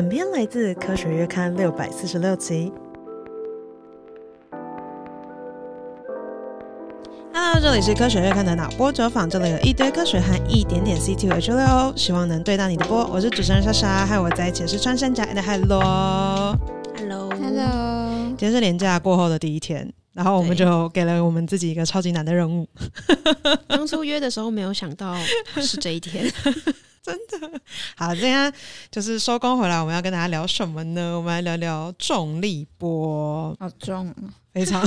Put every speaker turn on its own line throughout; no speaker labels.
本片來自《科學月刊》六百四十六期。Hello，這裡是《科學月刊》的腦波酒坊，這裡有一堆科學和一點點 C2H6、哦、希望能對到你的波。我是主持人莎莎，和我在一起是穿山甲。的 Hello，Hello，Hello。今天是年假過後的第一天，然後我們就給了我們自己一個超級難的任務。
當對 初約的時候沒有想到是這一天。
好，今天就是收工回來，我們要跟大家聊什麼呢？我們來聊聊重力波。好重。非常。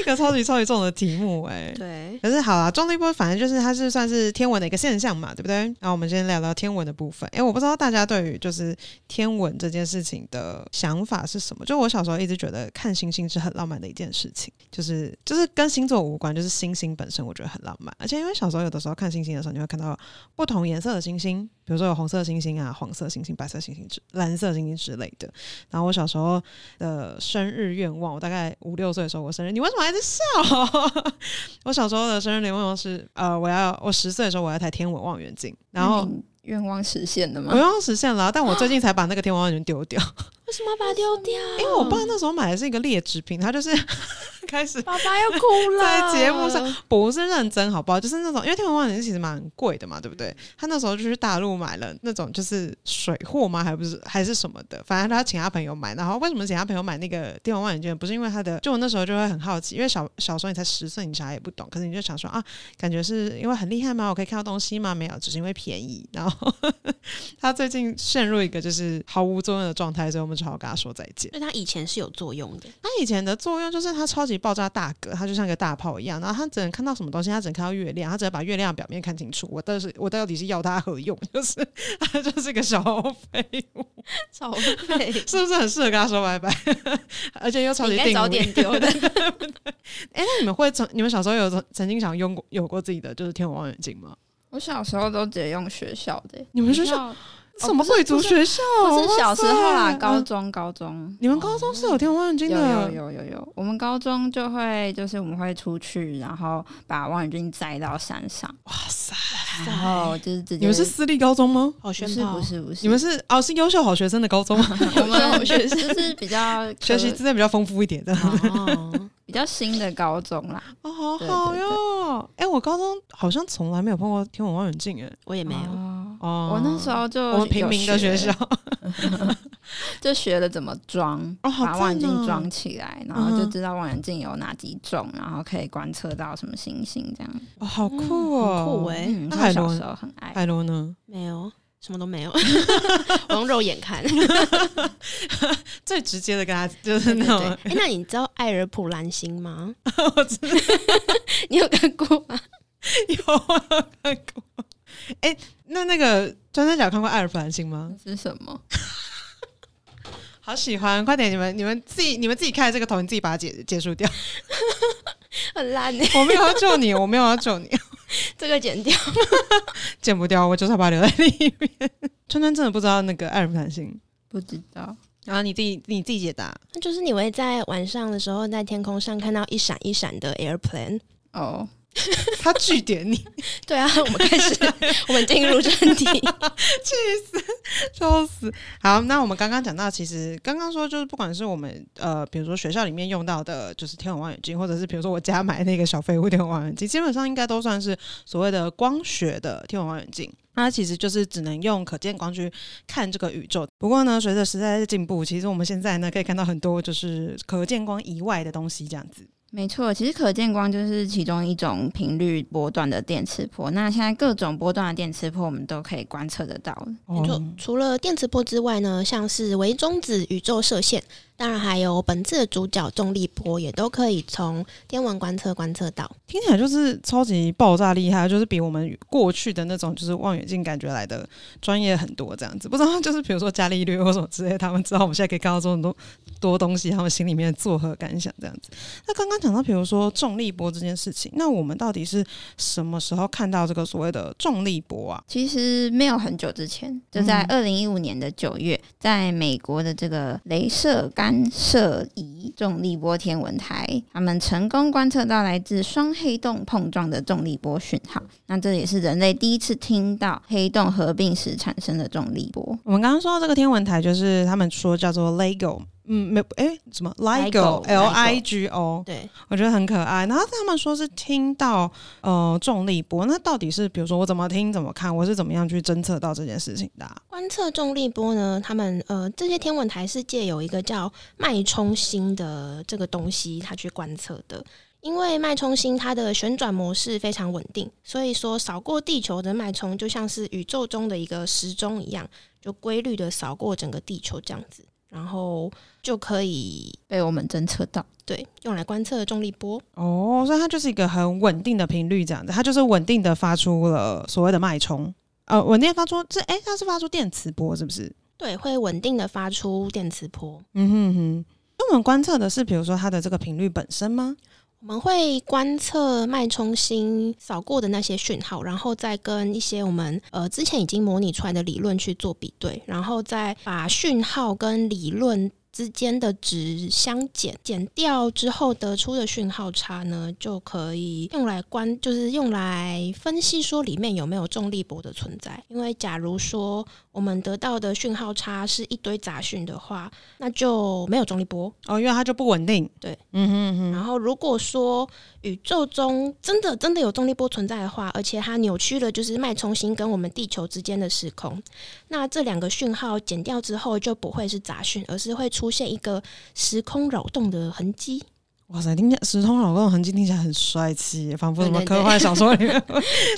一個超級超級重的題目哎、欸，對，可是好啦，重力波反正就是它是算是天文的一個現象嘛，對不對？然後我們先聊聊天文的部分。哎、欸，我不知道大家對於就是天文這件事情的想法是什麼。就我小時候一直覺得看星星是很浪漫的一件事情，就是就是跟星座無關，就是星星本身我覺得很浪漫。而且因為小時候有的時候看星星的時候，你會看到不同顏色的星星，比如說有紅色的星星啊、黃色的星星、白色星星之藍色星星之類的。然後我小時候的生日願望，我大概五六歲的時候我生日，你為什麼？還在笑，哦？我小時候的生日願望是，呃，我要我十歲的時候我要台天文望遠鏡，然後，嗯，
願望實現了嗎？願望
實現了，但我最近才把那個天文望遠鏡丟掉。
為什麼把它丟掉？因為、欸、我爸那時候
買的是一個劣質品，他就是
開始爸爸要哭了。在節目上
不是認真好不好？就是那種因為天文望遠鏡其實蠻貴的嘛，對不對？嗯、他那時候就去大陸買了那種就是水貨嘛，還不是還是什麼的。反正他請他朋友買，然後為什麼請他朋友買那個天文望遠鏡？不是因為他的？就我那時候就會很好奇，因為小小時候你才十歲，你啥也不懂，可是你就想說啊，感覺是因為很厲害嗎？我可以看到東西嗎？沒有，只是因為便宜。然後呵呵他最近陷入一個就是毫無作用的狀態，所以我們。只好跟他說再見，所以它以前是有作用的。他以前的作用就是他超級爆炸大個，他就像一個大炮一樣。然後他只能看到什麼東西，他只能看到月亮，他只能把月亮表面看清楚。我到底是，我到底是要他何用？就是他就是一個小廢物，小廢物是不是很適合跟他說拜拜？ 而且又超級定。早點丟的。哎，那你們會曾你們小時候有曾曾經想用過有過自己的就是天文望遠鏡嗎？
我小時候都直接用學校的、欸。你們學校？什麼貴族學校？我是小時候啦，高中高中，你們高中是有天文望遠鏡的？有有有有有，我們高中就會就是我們會出去，然後把望遠鏡摘到山上。哇塞！然後就是直接，你們是私
立高中嗎？好學生不是不是，你們是哦，是優秀好學生的高中啊。我
們學生是比較學習資
源比較豐富一點的，
哦，比較新的高中啦。哦，好好喲！哎，我高中
好像從來沒有碰過天文望遠鏡，哎，我也沒有。我那時候就我平民的學校，
就學了怎麼裝，把望遠鏡裝起來，然後就知道望遠鏡有哪幾種，然後可以觀測到什麼星星，這樣子哦，
好酷哦，酷哎！那小時候很愛海螺呢？沒有，什麼都沒有，我用肉眼看，最直接的跟他就是那種。哎，那你知道艾爾普蘭星嗎？我知道，你有看過嗎？
有啊。你有看過艾爾普蘭星嗎？是什麼？好喜歡，快點！你們你們自己你們自己看這個頭，你自己把它解結束掉。
很爛耶，呢，我沒有要救
你，我沒有要救你。
這個剪掉，
剪不掉，我就是要把它留在另一邊。川川真的不知道那個艾爾普蘭星，不知道。
然後你自己你自己解答，那就是你會在晚上的時候在天空上看到一閃一閃的 airplane 哦。Oh. 他句點你 對啊，我們開始，我們進入正題，去死，笑死。好，那我們剛
剛講到，其實剛剛說就是不管是我們呃，比如說學校裡面用到的，就是天文望遠鏡，或者是比如說我家買的那個小廢物天文望遠鏡，基本上應該都算是所謂的光學的天文望遠鏡。那它其實就是只能用可見光去看這個宇宙。不過呢，隨着時代的進步，其實我們現在呢可以看到很多就是可見光以外的東西，這樣子。
沒錯，其實可見光就是其中一種頻率波段的電磁波。那現在各種
波段的電磁波，我們都可以觀
測得到。沒錯，
除了電磁波之外呢，像是微中子、宇宙射線。當然，還有本次的主角重力波也都可以從天文觀測觀測到。
聽起來就是超級爆炸厲害，就是比我們過去的那種就是望遠鏡感覺來的專業很多。這樣子，不知道就是比如說伽利略或什麼之類，他們知道我們現在可以看到這麼多多東西，他們心裡面作何感想？這樣子。那剛剛講到，比如說重力波這件事情，那我們到底是什麼時候看到這個所謂的重
力波啊？其實沒有很久之前，就在二零一五年的九月，嗯、在美國的這個雷射干。干涉儀重力波天文台，他們成功觀測到來自雙黑洞碰撞的重力波訊號。那這也是人類第一次聽到黑洞合併時產生的重力波。
我們剛剛說到這個天文台，就是他們說叫做 LIGO。嗯，沒，誒、欸，什麼 LIGO？L I G O？對，我覺得很可愛。然後他們說是聽到呃重力波，那到底是比如說我怎麼聽怎麼看？我是怎麼樣去偵測到這件事情的啊？
觀測重力波呢？他們呃這些天文台是借由一個叫脈衝星的這個東西，它去觀測的。因為脈衝星它的旋轉模式非常穩定，所以說掃過地球的脈衝就像是宇宙中的一個時鐘一樣，就規律的掃過整個地球這樣子。然後就可以被我們偵測到，對，用來觀測重力波
哦，所以它就是一個很穩定的頻率，這樣子，它就是穩定的發出了所謂的脈衝，呃，穩定發出這，誒，它是發出電磁波是不是？
對，會穩定的發出電磁波，嗯哼哼，那我們觀測的是，比如說它的這個頻率本身嗎？我們會觀測脈衝星掃過的那些訊號，然後再跟一些我們，呃，之前已經模擬出來的理論去做比對，然後再把訊號跟理論之間的值相減，減掉之後得出的訊號差呢，就可以用來觀，就是用來分析說裡面有沒有重力波的存在。因為假如說我們得到的訊號差是一堆雜訊的話，那就沒有重力波哦，因為它就不穩定。對，嗯哼嗯哼。然後如果說宇宙中真的真的有重力波存在的話，而且它扭曲了就是脈衝星跟我們地球之間的時空，那這兩個訊號減掉之後就不會是雜訊，而是會出出現一個時空擾動的痕跡。
哇塞，聽起來時空擾動的痕跡，聽起來很帥氣，仿佛什麼科幻小說裡面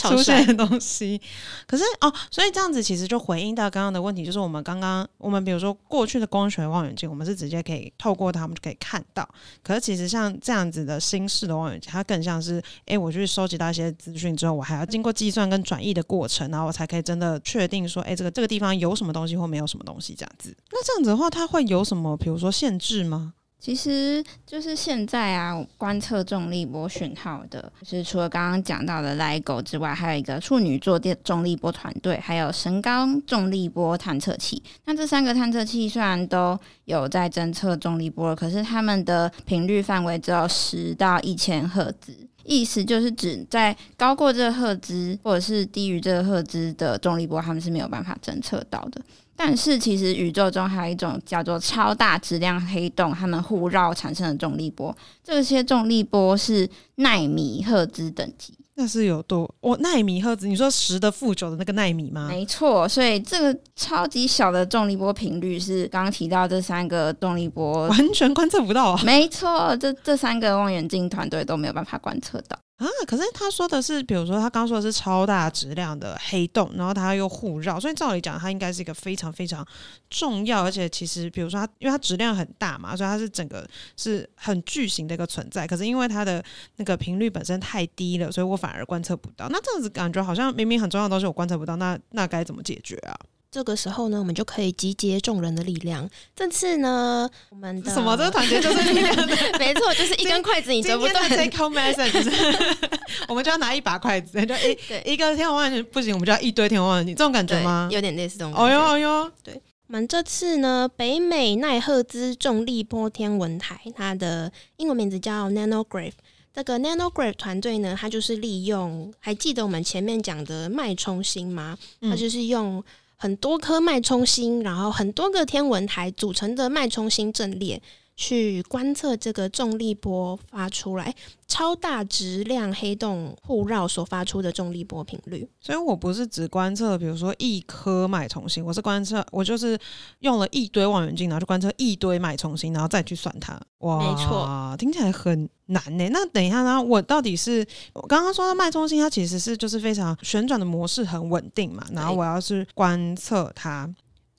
出現的東西。可是哦，所以這樣子其實就回應到剛剛的問題，就是我們剛剛我們比如說過去的光學望遠鏡，我們是直接可以透過它，我們就可以看到。可是其實像這樣子的新式的望遠鏡，它更像是哎、欸，我去收集到一些資訊之後，我還要經過計算跟轉譯的過程，然後我才可以真的確定說，哎、欸，這個這個地方有什麼東西或沒有什麼東西這樣子。那這樣子的話，它會有什麼比如說
限制嗎？其實就是現在啊，我觀測重力波訊號的，就是除了剛剛講到的 LIGO 之外，還有一個處女座電重力波團隊，還有神岡重力波探測器。那這三個探測器雖然都有在偵測重力波，可是它們的頻率範圍只有十到一千赫茲。意思就是指在高過這個赫茲，或者是低於這個赫茲的重力波，他們是沒有辦法偵測到的。但是其實宇宙中還有一種叫做超大質量黑洞，它們互繞產生的重力波，這些重力波是奈米赫茲等級。但是有多？我、哦、奈米赫茲，你說十的負九的那個奈米嗎？沒錯，所以這個超級小的重力波頻率，是剛剛提到這三個重力波，完
全觀測不到
啊。沒錯，這這三個望遠鏡團隊都沒有辦法觀測到。
啊！可是他說的是，比如說他剛說的是超大質量的黑洞，然後它又互繞，所以照理講，它應該是一個非常非常重要，而且其實比如說它，因為它質量很大嘛，所以它是整個是很巨型的一個存在。可是因為它的那個頻率本身太低了，所以我反而觀測不到。那這樣子感覺好像明明很重要的東西我觀測不到，那那該怎麼解決啊？這
個時候呢，我們就可以集結眾人的力量。這次呢，我們的什麼這個團隊就是力量， 沒錯，就是一根筷子你折不斷。take home message， 我們就要拿一把筷子， 就一對一個天文望遠鏡不行，
我們就要一堆天文望遠鏡，你這種感覺嗎？有點類似這種感覺哦。哦喲
哦喲，對，我們這次呢，北美奈赫茲重力波天文台，它的英文名字叫 Nanograv。這個 Nanograv 團隊呢，它就是利用，還記得我們前面講的脈衝星嗎？它就是用、嗯。很多顆脈衝星，然後很多個天文台組成的脈衝星陣列。去觀測這個重力波發出來，欸、超大質量黑洞互繞所發出的重力波頻率。所以我不
是只觀測，比如說一顆脈衝星，我是觀測，我就是用了一堆望遠鏡，然後去觀測一堆脈衝星，然後再去算它。哇，沒錯啊，聽起來很難呢。那等一下，呢，我到底是我剛剛說到脈衝星，它其實是就是非常旋轉的模式很穩定嘛，然後我要是觀測它。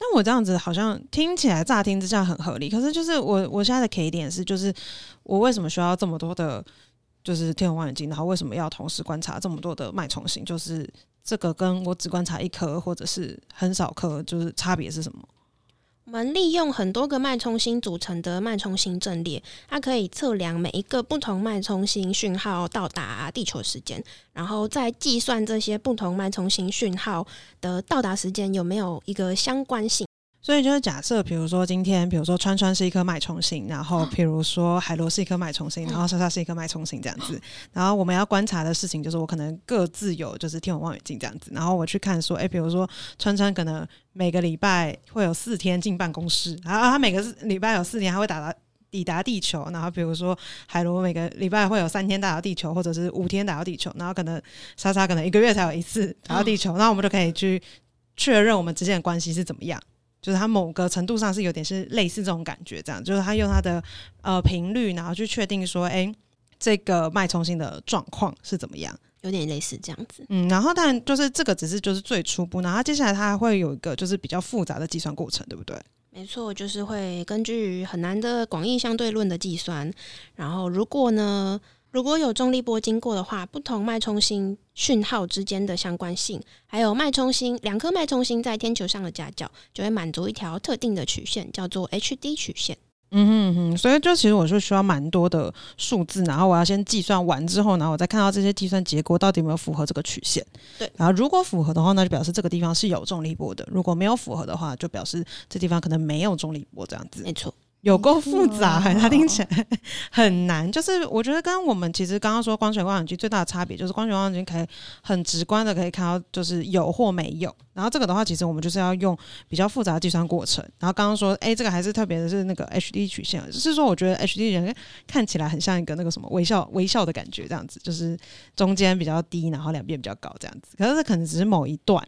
那我這樣子好像聽起來乍聽之下很合理，可是就是我我現在的疑點是，就是我為什麼需要這麼多的，就是天文望遠鏡，然後為什麼要同時觀察這麼多的脈衝星？就是這個跟
我只觀察一顆或者
是很少顆，就是差別是什麼？
我們利用很多個脈衝星組成的脈衝星陣列，它可以測量每一個不同脈衝星訊號到達地球時間，然後再計算這些不同脈衝星訊號的到達時間有沒有一個相關性。所以就是假設，比如說今
天，比如說川川是一顆脈衝星，然後比如說海螺是一顆脈衝星，然後莎莎是一顆脈衝星這樣子。然後我們要觀察的事情就是，我可能各自有就是天文望遠鏡這樣子，然後我去看說，誒、欸，比如說川川可能每個禮拜會有四天進辦公室，然後他每個禮拜有四天他會打到抵達地球，然後比如說海螺每個禮拜會有三天打到地球，或者是五天打到地球，然後可能莎莎可能一個月才有一次打到地球，那、嗯、我們就可以去確認我們之間的關係是怎麼樣。就是它某個程度上是有點是類似這種感覺，這樣就是它用它的呃頻率，然後去確定說，哎，這個脈衝星的狀況是怎麼樣，
有點類似這樣子。
嗯，然後但就是這個只是就是最初步，然後接下來它還會有一個就是比較複雜的計算過程，對不對？
沒錯，就是會根據很難的廣義相對論的計算，然後如果呢，如果有重力波經過的話，不同脈衝星訊號之間的相關性，還有脈衝星兩顆脈衝星在天球上的夾角，就會滿足一條特定的曲線，叫做 HD 曲線。
嗯哼嗯哼，所以就其實我是需要蠻多的數字，然後我要先計算完之後，然後我再看到這些計算結果到底有沒有符合這個曲線。對，然後如果符合的話，那就表示這個地方是有重力波的；如果沒有符合的話，就表示這地方可能沒有重力波。這樣子，沒錯。有夠複雜，它、嗯、聽起來、嗯、呵呵很難。就是我覺得跟我們其實剛剛說光學望遠鏡最大的差別，就是光學望遠鏡可以很直觀的可以看到，就是有或沒有。然後這個的話，其實我們就是要用比較複雜的計算過程。然後剛剛說，誒、欸，這個還是特別的是那個 H D 曲線，就是說我覺得 H D 人看起來很像一個那個什麼微笑微笑的感覺這樣子，就是中間比較低，然後兩邊比較高這樣子。可是這可能只是某一段。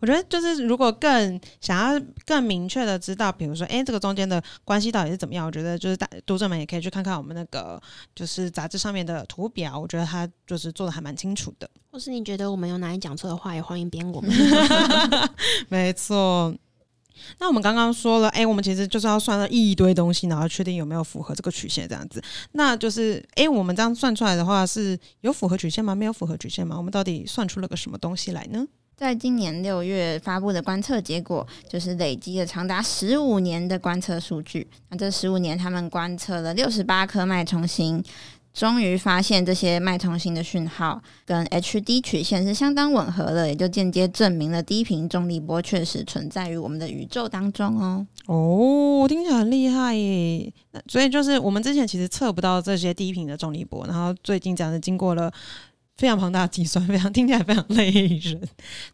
我覺得就是，如果更想要更明確的知道，比如說，誒、欸，這個中間的關係到底是怎麼樣？我覺得就是，大讀者們也可以去看看我們那個就是雜誌上面的圖表。我覺得它就是做得還蠻清楚的。
或是你覺得我們有哪裡講錯的話，也歡迎鞭
我們。 沒錯。那我們剛剛說了，誒、欸，我們其實就是要算了一堆東西，然後確定有沒有符合這個曲線，這樣子。那就是，誒、欸，我們這樣算出來的話，是有符合曲線嗎？沒有符合曲線嗎？我們到底算出了個什麼東西來呢？
在今年六月發布的觀測結果，就是累積了長達十五年的觀測數據。那這十五年，他們觀測了六十八顆脈衝星，終於發現這些脈衝星的訊號跟 HD 曲線是相當吻合的，也就間接證明了低頻重力波確實存在於我們的宇宙當中
喔、哦。哦，聽起來很厲害耶！那所以就是我們之前其實測不到這些低頻的重力波，然後最近講的經過了。非常龐大的計算，非常聽起來非常累人。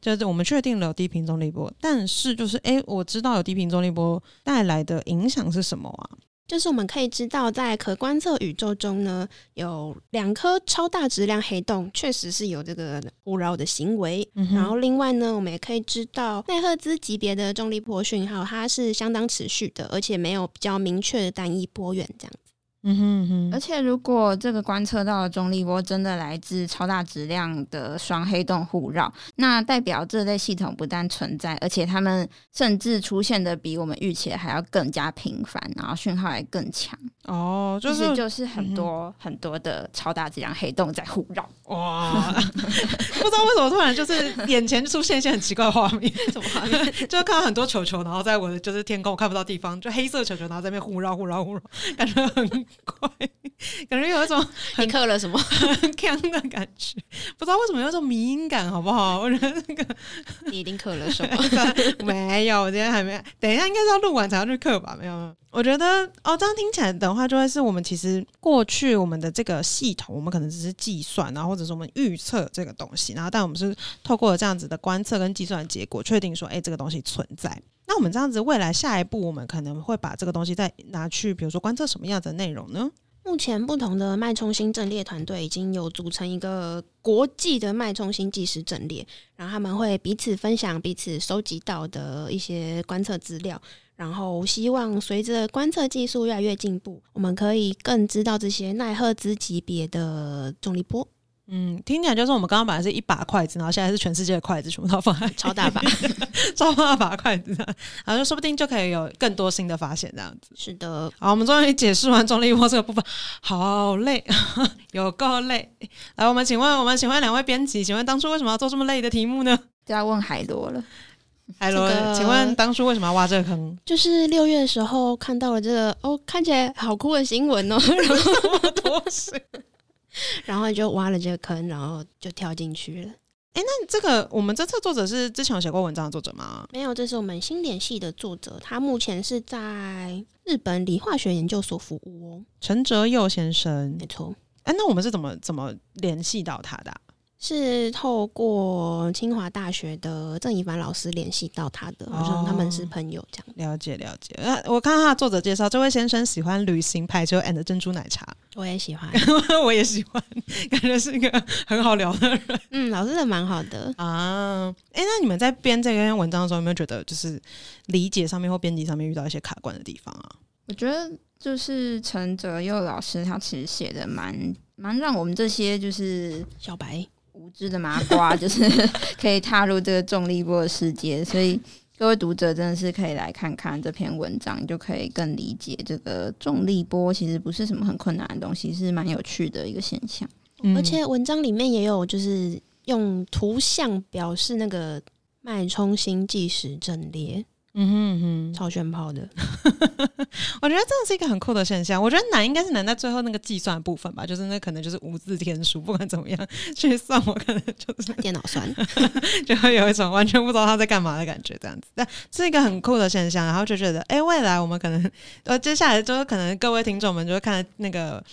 就是我們確定了有低頻重力波，但是就是，哎、欸，我知道有低頻重力波帶來的影響是什麼啊。
就是我們可以知道，在可觀測宇宙中呢，有兩顆超大質量黑洞確實是有這個環繞的行為。嗯、哼然後另外呢，我們也可以知道，奈赫茲級別的重力波訊號它是相當持續的，而且沒有比較明確的單一波源這樣。
嗯哼，嗯哼，而且如果這個觀測到的重力波真的來自超大質量的雙黑洞互繞，那代表這類系統不但存在，而且它們甚至出現的比我們預期還要更加頻繁，然後訊號還更強哦，就是就是很多、嗯、哼很多的超大質量黑洞在互繞。哇， 不知道為什麼突然就是眼前出現一
些很奇怪的畫面， 什麼畫面？ 就是看到很多球球，然後在我的就是天空我看不到地方，就黑色球球，然後在那邊互繞互繞互繞，感覺很 怪，感覺有一種你刻了什麼很坑的感覺，不知道為什麼有種敏感，好不好？我覺得
那個你一定刻了什麼
沒有，我今天還沒。等一下，應該是要錄完才要去刻吧？沒有，沒有。我覺得哦，這樣聽起來的話，就會是我們其實過去我們的這個系統，我們可能只是計算，然後或者是我們預測這個東西，然後但我們是透過這樣子的觀測跟計算結果，確定說，哎、欸，這個東西存在。那我們這樣子，未來下一步，我們可能會把這個東西再拿去，比如說觀測什麼樣的內容呢？
目前，不同的脈衝星陣列團隊已經有組成一個國際的脈衝星計時陣列，然後他們會彼此分享彼此收集到的一些觀測資料，然後希望隨着觀測技術越來越進步，我們可以更知道這些奈赫茲級別的重力波。嗯，聽起來就是我們剛剛本來是一把筷子，然後現在是全世界的筷子，全部都放
在超大把， 超大把筷子然後就說不定就可以有更多新的發現，這樣子。是的，好，我們終於解釋完重力波這個部分，好累，呵呵有夠累。來，我們請問，我們請問兩位編輯，請問當初為什麼要做這麼累的題目呢？就要問
海螺了，
海螺，這個、請問當初為什麼要挖這個坑？
就是六月的時候看到了這個，哦，看起來好酷的新聞哦，然後這麼多是 然後就挖了這個坑，然後就跳進去了。哎、欸，那這個我們這次作者是之前有寫過文章的作者嗎？沒有，這是我們新聯繫的作者，他目前是在日本理化學研究所服務哦。陳哲佑先生，沒錯。哎、
欸，那我們是怎麼怎麼聯繫到他的、啊？
是透過清華大學的鄭一凡老師聯繫到他的，好像他們是朋友這樣、哦、了解了解。我看他的作
者介紹，這位先生喜歡旅行拍照 and 珍珠奶茶，
我也喜歡， 我也喜歡，感覺是一個很好聊的人。嗯，老師的蠻好的啊。哎、欸，那
你們在編這篇文章的時候，有沒有覺得就是理解上面或編輯上面遇到一些卡關的地方啊？
我覺得就是陳哲佑老師，他其實寫的蠻蠻讓我們這些就是小白、無知的麻瓜 就是可以踏入這個重力波的世界，所以各位讀者真的是可以來看看這篇文章，就可以更理解這個重力波其實不是什麼很困難的東西，是蠻有趣的一個現象。而且
文章裡面也有就是用圖像表示那個脈衝星計時陣列。嗯哼嗯哼，超炫炮的，
我覺得這樣是一個很酷的現象。我覺得難應該是難在最後那個計算部分吧，就是那可能就是無字天書，不管怎麼樣去算，我可能就是電腦算， 就會有一種完全不知道他在幹嘛的感覺，這樣子。但是一個很酷的現象，然後就覺得，哎、欸，未來我們可能呃接下來就是可能各位聽眾們就會看那個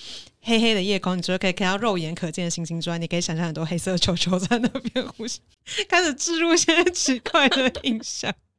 黑黑的夜空，你就可以看到肉眼可見的星星之外，你可以想象很多黑色球球在那邊呼吸，開始置入一些奇怪的印象。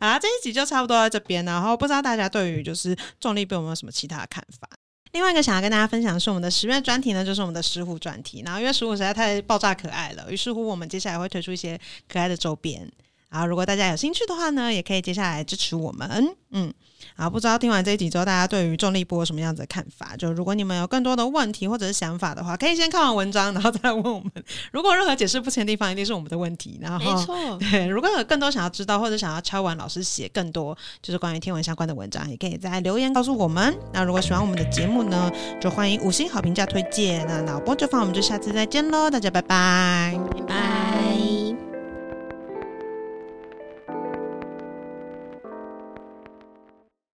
好啦，這一集就差不多在這邊。然後不知道大家對於就是重力波有沒有什麼其他看法？另外一個想要跟大家分享是我們的十月專題呢，就是我們的石虎專題。然後因為石虎實在太爆炸可愛了，於是乎我們接下來會推出一些可愛的周邊。好，如果大家有興趣的話呢，也可以接下來支持我們。嗯，好，不知道聽完這一集之後，大家對於重力波有什麼樣子的看法？就如果你們有更多的問題或者是想法的話，可以先看完文章，然後再來問我們。如果任何解釋不清的地方，一定是我們的問題。然後，沒錯。對，如果有更多想要知道或者想要敲碗老師寫更多，就是關於天文相關的文章，也可以在留言告訴我們。那如果喜歡我們的節目呢，就歡迎五星好評價推薦。那腦波酒坊，我們就下次再見嘍，大家拜拜，拜拜。